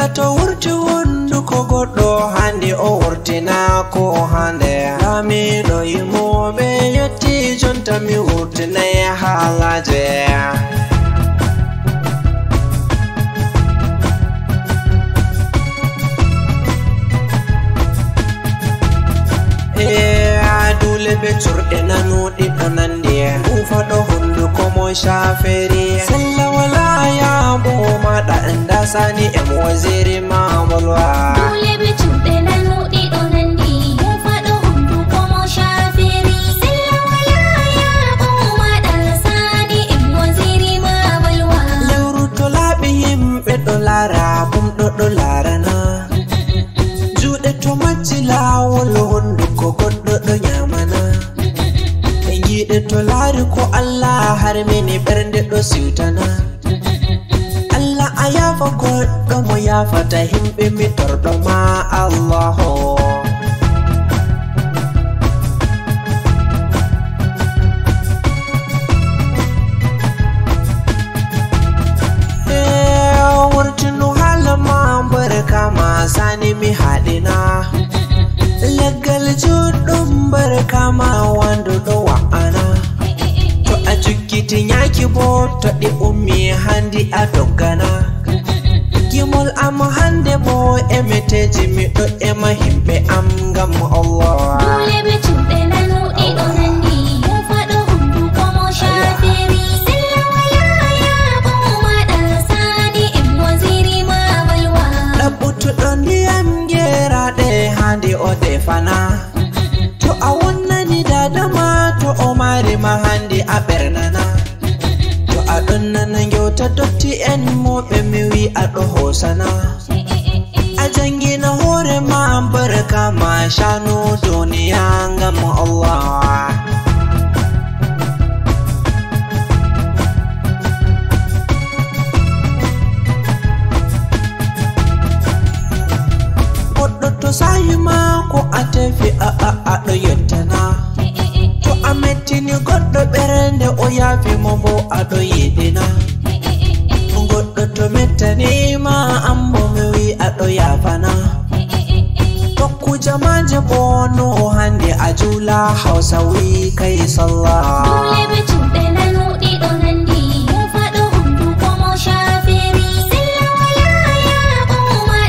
allah to wurti wonduko goɗɗo hande o wurtinako hande lamiɗo yimoɓe yetti jonta mi wurtinaye haalaje e be curɗe nanuɗiɗo nandi ufaɗo hunduko mo shaferi an sani yan waziri ma mulwa dole bicin dena nudi donan di ya fado hundu komo shafiri sallawa ya ya da sani yan waziri ma balwa lauru to labihim be dolara bum do lara na Juɗe to macila wolo hundu ko goddo do nyamana yiɗe to lari ko allah har mini ɓernde ɗo siwtana yafa kolɗo mo yafata himɓe mi torɗo ma allahu eh, wurtinu halama barkama sani mi haɗina leggal juɗɗum barkama wanduɗo wa'ana to a jukkiti nyaki bo to ɗi ummi handi a e mi miɗo ema himɓe am ngam allah dole ɓe cuɓɓe nanu ɗiɗo nandi yofaɗo hunduko mo shafiri ɗaɓɓutuɗo gera geraɗe handi o defana to a dada ma to o mari ma handi a ɓernana to aɗon nana gewta dotti en be mi wi aɗo hosana kama shanu duniya ngam allah goɗɗo to sayima ko a tefi aa aɗo yettana to a mettini goɗɗo ɓerende o yafi mo bo aɗo yiɗina goɗɗo to mettanima ambo mi wi aɗo yafana ku jama jibo no hande a jula hausawi kai sallah dole bicin dana nudi don handi ya fado hundu komo shafiri sallawa ya ya kuma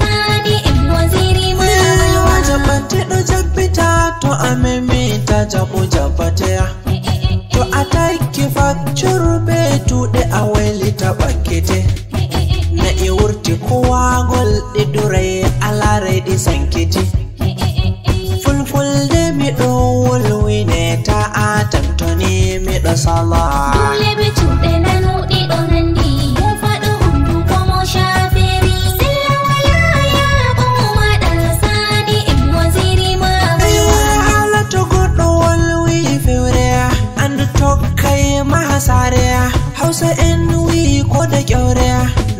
sani in waziri ma ya wajaba ta do jabbita to amemi ta jabo da sala dole bicu de nanu di onandi ya fado hundu komo shaferi ya ya komo sani in waziri ma ala to godo walwi fewre and to kai mahasare hausa en wi ko da kyaure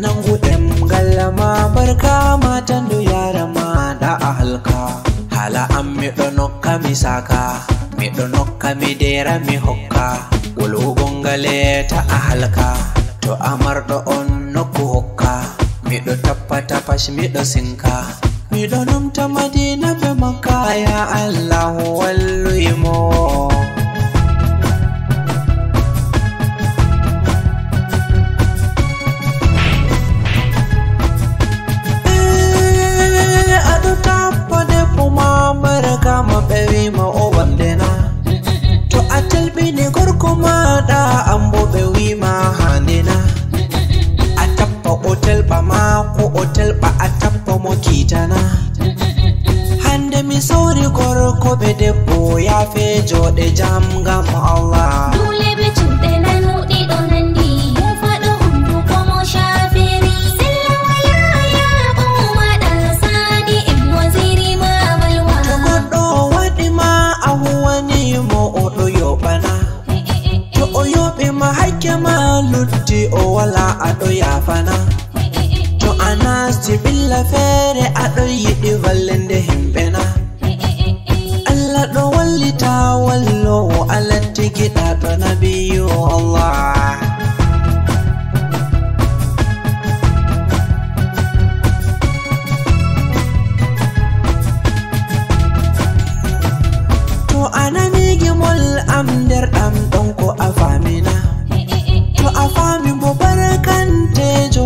nan gudem gallama barka matan do yara ma da hala an mi do nokka saka mi do nokka mi hokka gulgugon gale ta ahalka to da on noku hokka miɗo tappa mi miɗo sinka miɗo numta madina be makka allah allahu imo rewɓe debbo yaafe jooɗe jam ngam allah o wala aɗo yafana e, e, e, to anasti billa feere aɗo yiɗi vallende hen kiɗa ta na biyu Allah To ana ne gimol amdar ɗan ɗanko a famina To a fami gobar kan tejo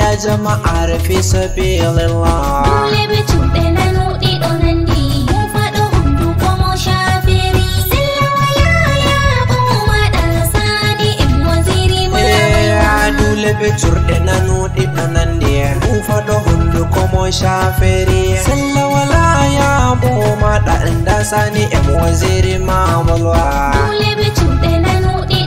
ya jama a rufe sabi lalla dole bi cuɗe na nuɗi ɗonan di ya faɗo hundu komo shafiri Sallawa ya ya kuma ɗan sani in waziri mu ya eh, dole bi cuɗe na nuɗi ɗonan di ya faɗo hundu komo shafiri Sallawa ya kuma ɗan sani in waziri ma mulwa dole bi cuɗe na nuɗi